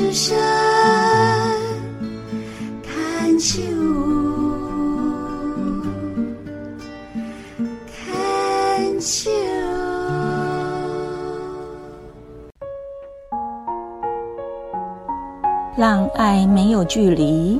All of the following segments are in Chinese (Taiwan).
只身看秋，看秋。讓愛沒有距離，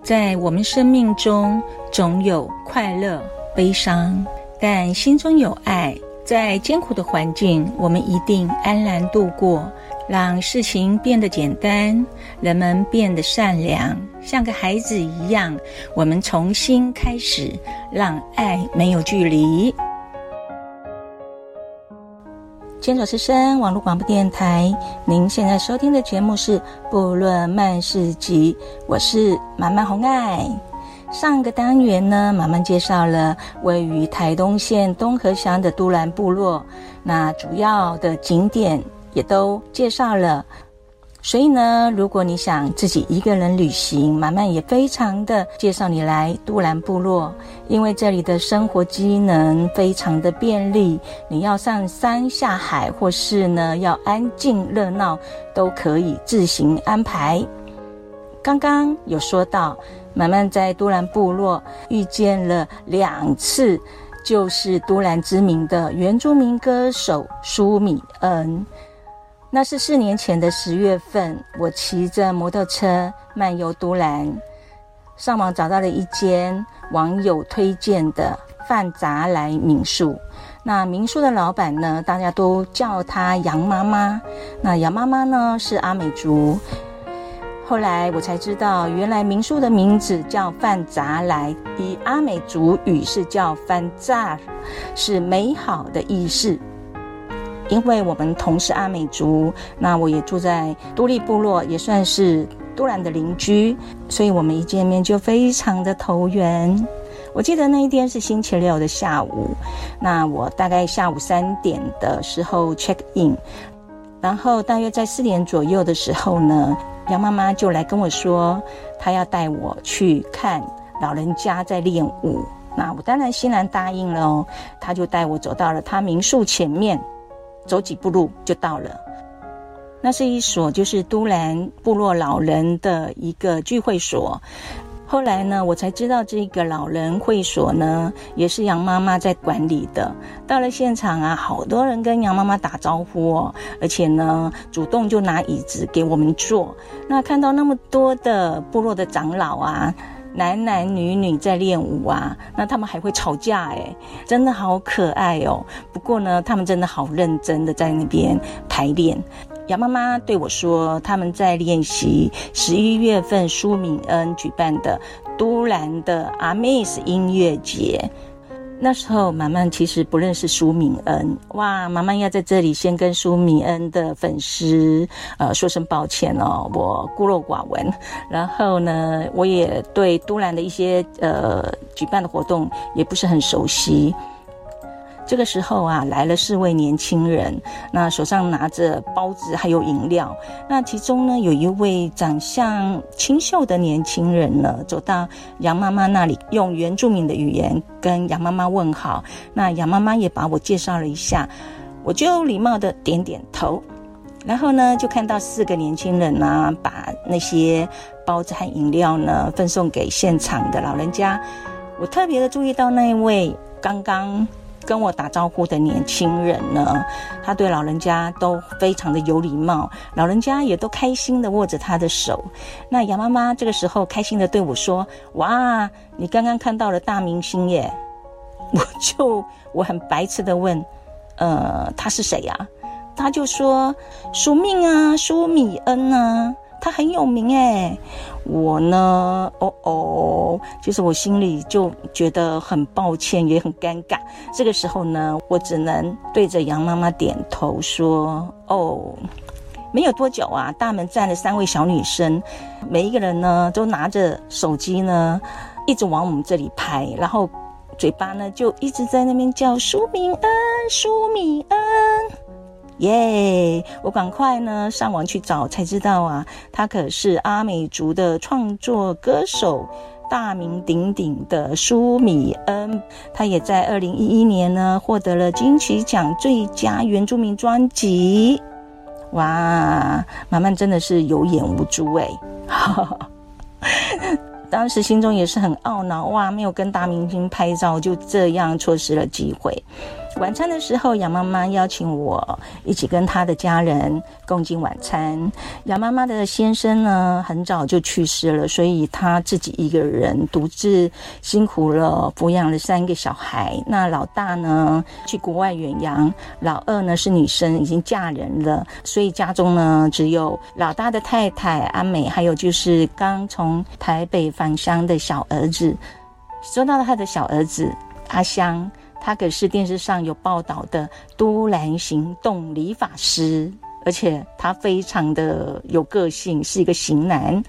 在我們生命中總有快樂、悲傷，但心中有愛，在艱苦的環境，我們一定安然度過。讓事情變得簡單，人們變得善良，像個孩子一樣，我們重新開始，讓愛沒有距離。牽手之聲網絡廣播電台，您現在收聽的節目是部落漫市集，我是滿滿紅愛。上個單元呢，滿滿介紹了位於台東縣東河鄉的都蘭部落，那主要的景點。也都介紹了，所以呢，如果你想自己一個人旅行，滿滿也非常的介紹你來都蘭部落，因為這裡的生活機能非常的便利。你要上山下海，或是呢要安靜熱鬧，都可以自行安排。剛剛有說到，滿滿在都蘭部落遇見了兩次，就是都蘭知名的原住民歌手舒米恩。那是四年前的十月份，我騎着摩托車漫遊都蘭，上網找到了一間網友推薦的泛札來民宿。那民宿的老闆呢，大家都叫他楊媽媽。那楊媽媽呢，是阿美族。後來我才知道，原來民宿的名字叫泛札來，以阿美族語是叫泛札，是美好的意思。因為我們同是阿美族，那我也住在都歷部落，也算是都蘭的鄰居，所以我們一見面就非常的投緣。我記得那一天是星期六的下午，那我大概下午三點的時候 check in，然後大約在四點左右的時候呢，楊媽媽就來跟我說，她要帶我去看老人家在練舞。那我當然欣然答應了哦，她就帶我走到了她民宿前面。走幾步路就到了，那是一所就是都蘭部落老人的一個聚會所。後來呢，我才知道這個老人會所呢，也是楊媽媽在管理的。到了現場啊，好多人跟楊媽媽打招呼哦，而且呢，主動就拿椅子給我們坐。那看到那麼多的部落的長老啊。男男女女在練舞啊，那他們還會吵架哎，真的好可愛哦。不過呢，他們真的好認真的在那邊排練。楊媽媽對我說，他們在練習十一月份舒米恩舉辦的都蘭的阿米斯音樂節。那時候，滿滿其實不認識舒米恩哇。滿滿要在這裡先跟舒米恩的粉絲呃說聲抱歉哦，我孤陋寡聞，然後呢，我也對都蘭的一些呃舉辦的活動也不是很熟悉。這個時候啊，來了四位年輕人，那手上拿着包子，還有飲料。那其中呢，有一位長相清秀的年輕人呢，走到楊媽媽那裡，用原住民的語言跟楊媽媽問好。那楊媽媽也把我介紹了一下，我就禮貌的點點頭。然後呢，就看到四個年輕人呢、啊，把那些包子和飲料呢，分送給現場的老人家。我特別的注意到那一位剛剛。跟我打招呼的年輕人呢，他對老人家都非常的有禮貌，老人家也都開心的握着他的手。那楊媽媽這個時候開心的對我說：“哇，你剛剛看到了大明星耶！”我就我很白痴的問：“呃，他是誰呀啊？”他就說：“舒命啊，舒米恩啊。”他很有名哎、欸，我呢，哦哦，其、就是我心裡就覺得很抱歉，也很尷尬。這個時候呢，我只能對着楊媽媽點頭說：“哦。”沒有多久啊，大門站了三位小女生，每一個人呢都拿着手機呢，一直往我們這裡拍，然後嘴巴呢就一直在那邊叫舒米：“舒米恩，舒米恩。”耶！Yeah, 我趕快呢上網去找，才知道啊，他可是阿美族的創作歌手，大名鼎鼎的舒米恩。他也在二零一一年呢獲得了金曲獎最佳原住民專輯。哇，滿滿真的是有眼無珠哎、欸！ 當時心中也是很懊惱哇，沒有跟大明星拍照，就這樣錯失了機會。晚餐的時候，楊媽媽邀請我一起跟她的家人共進晚餐。楊媽媽的先生呢，很早就去世了，所以她自己一個人獨自辛苦了，撫養了三個小孩。那老大呢，去國外遠洋；老二呢是女生，已經嫁人了。所以家中呢，只有老大的太太阿美，還有就是剛從台北返鄉的小兒子，說到了他的小兒子阿香。他可是電視上有報道的都蘭行動理髮師，而且他非常的有個性，是一個型男。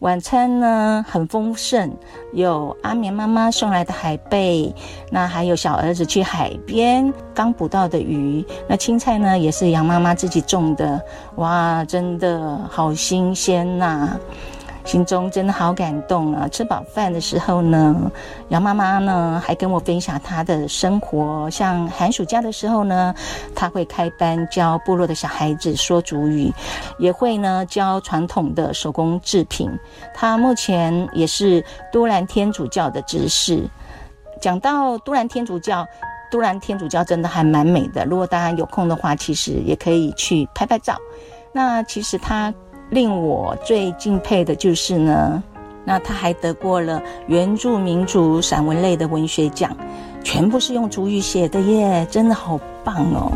晚餐呢，很豐盛，有阿棉媽媽送來的海貝，那還有小兒子去海邊剛捕到的魚，那青菜呢也是楊媽媽自己種的，哇，真的好新鮮吶、啊！心中真的好感動啊！吃飽飯的時候呢，楊媽媽呢還跟我分享她的生活，像寒暑假的時候呢，她會開班教部落的小孩子說族語，也會呢教傳統的手工製品。她目前也是都蘭天主教的執事。講到都蘭天主教，都蘭天主教真的還蠻美的，如果大家有空的話，其實也可以去拍拍照。那其實她。令我最敬佩的就是呢，那他還得過了原住民族散文類的文學獎，全部是用族語寫的耶，真的好棒哦！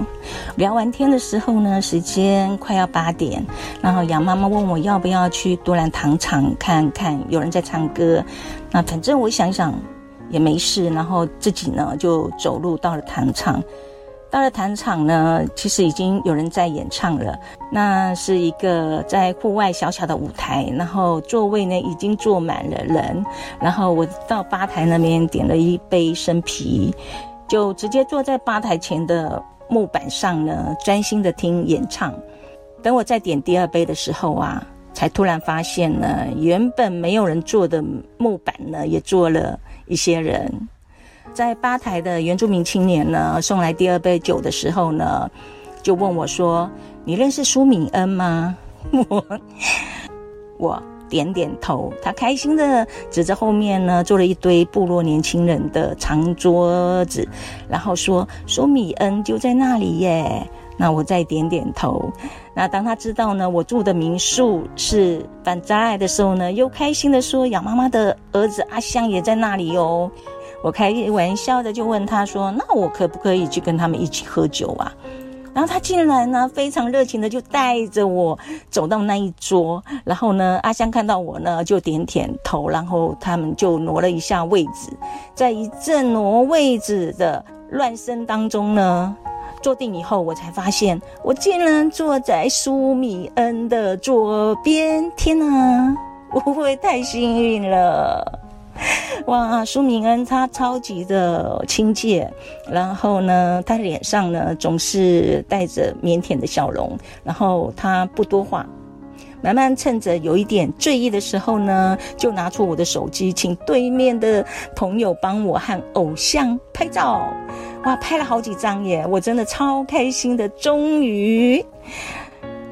聊完天的時候呢，時間快要八點，然後楊媽媽問我要不要去都蘭糖廠看看，有人在唱歌，那反正我想想也沒事，然後自己呢就走路到了糖廠。到了糖廠呢，其實已經有人在演唱了。那是一個在戶外小小的舞台，然後座位呢已經坐滿了人。然後我到吧台那邊點了一杯生啤，就直接坐在吧台前的木板上呢，專心的聽演唱。等我再點第二杯的時候啊，才突然發現呢，原本沒有人坐的木板呢，也坐了一些人。在吧台的原住民青年呢，送來第二杯酒的時候呢，就問我說：“你認識舒米恩嗎？”我我點點頭。他開心的指着後面呢，坐了一堆部落年輕人的長桌子，然後說：“舒米恩就在那裡耶。”那我再點點頭。那當他知道呢，我住的民宿是泛札來的時候呢，又開心的說：“楊媽媽的兒子阿香也在那裡哦。”我開玩笑的就問他說：“那我可不可以去跟他們一起喝酒啊？”然後他竟然呢，非常熱情的就帶着我走到那一桌。然後呢，阿香看到我呢，就點點頭。然後他們就挪了一下位置，在一陣挪位置的亂聲當中呢，坐定以後，我才發現我竟然坐在舒米恩的左邊。天哪，我會不會太幸運了！哇，舒米恩他超級的親切，然後呢，他臉上呢總是帶着靦腆的笑容，然後他不多話。慢慢趁着有一點醉意的時候呢，就拿出我的手機，請對面的朋友幫我和偶像拍照。哇，拍了好幾張耶，我真的超開心的，終於，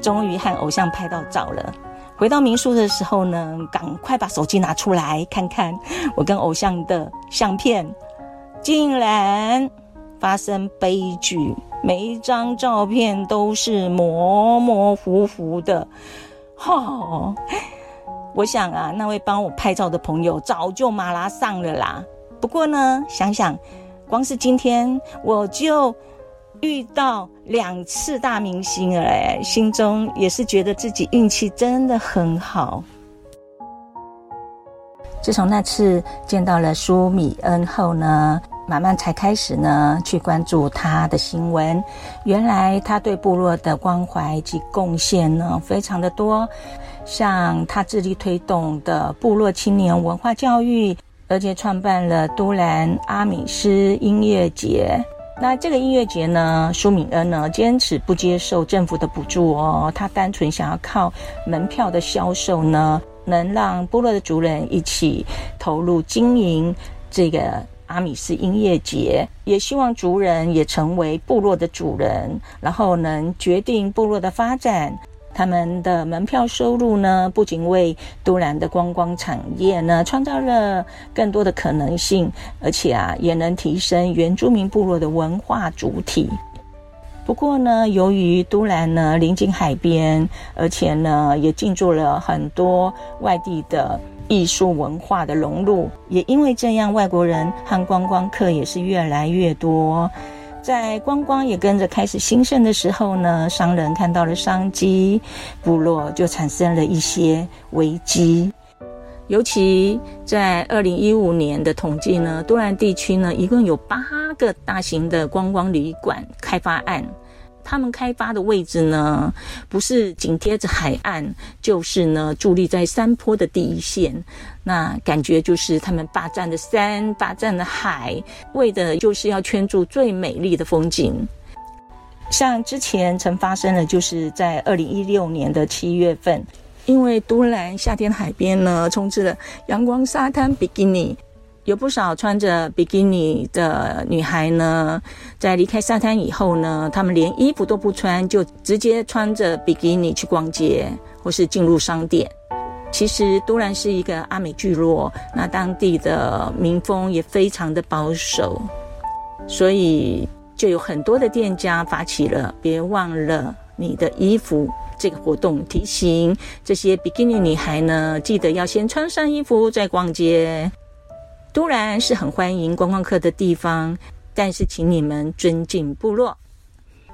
終於和偶像拍到照了。回到民宿的時候呢，趕快把手機拿出來看看我跟偶像的相片，竟然發生悲劇，每一張照片都是模模糊糊的，哈、哦，我想啊，那位幫我拍照的朋友早就馬拉上了啦。不過呢，想想，光是今天我就遇到兩次大明星，哎，心中也是覺得自己運氣真的很好。自從那次見到了舒米恩後呢，慢慢才開始呢去關注他的新聞。原來他對部落的關懷及貢獻呢非常的多，像他致力推動的部落青年文化教育，而且創辦了都蘭阿米斯音樂節。那這個音樂節呢，舒米恩呢，堅持不接受政府的補助哦。他單純想要靠門票的銷售呢，能讓部落的族人一起投入經營這個阿米斯音樂節，也希望族人也成為部落的主人，然後能決定部落的發展。他們的門票收入呢，不僅為都蘭的觀光產業呢創造了更多的可能性，而且啊，也能提升原住民部落的文化主體。不過呢，由於都蘭呢臨近海邊，而且呢也進駐了很多外地的藝術文化的融入，也因為這樣，外國人和觀光客也是越來越多。在觀光也跟着開始興盛的時候呢，商人看到了商機，部落就產生了一些危機。尤其在二零一五年的統計呢，都蘭地區呢一共有八個大型的觀光旅館開發案。他們開發的位置呢，不是緊貼着海岸，就是呢，佇立在山坡的第一線。那感覺就是他們霸占的山，霸占的海，為的就是要圈住最美麗的風景。像之前曾發生的，就是在二零一六年的七月份，因為都蘭夏天海邊呢充斥了陽光沙灘比基尼。有不少穿着比基尼的女孩呢，在離開沙灘以後呢，她們連衣服都不穿，就直接穿着比基尼去逛街，或是進入商店。其實都蘭是一個阿美聚落，那當地的民風也非常的保守，所以就有很多的店家發起了“別忘了你的衣服”這個活動，提醒這些比基尼女孩呢，記得要先穿上衣服再逛街。都蘭是很歡迎觀光客的地方，但是請你們尊敬部落。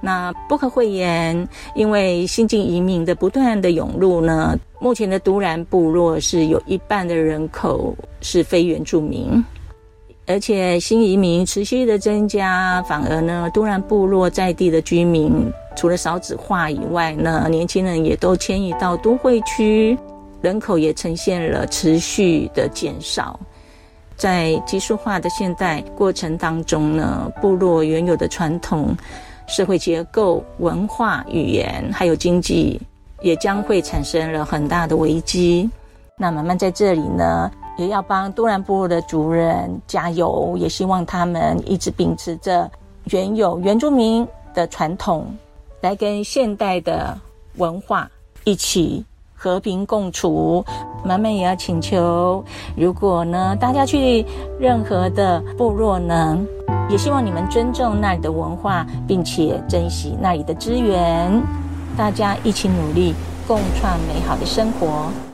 那不可諱言，因為新進移民的不斷的湧入呢，目前的都蘭部落是有一半的人口是非原住民，而且新移民持續的增加，反而呢，都蘭部落在地的居民除了少子化以外呢，年輕人也都遷移到都會區，人口也呈現了持續的減少。在技術化的現代過程當中呢，部落原有的傳統、社會結構、文化、語言，還有經濟，也將會產生了很大的危機。那慢慢在這裡呢，也要幫都蘭部落的族人加油，也希望他們一直秉持着原有原住民的傳統，來跟現代的文化一起，和平共處，媽媽也要請求。如果呢，大家去任何的部落呢，也希望你們尊重那裡的文化，並且珍惜那裡的資源。大家一起努力，共創美好的生活。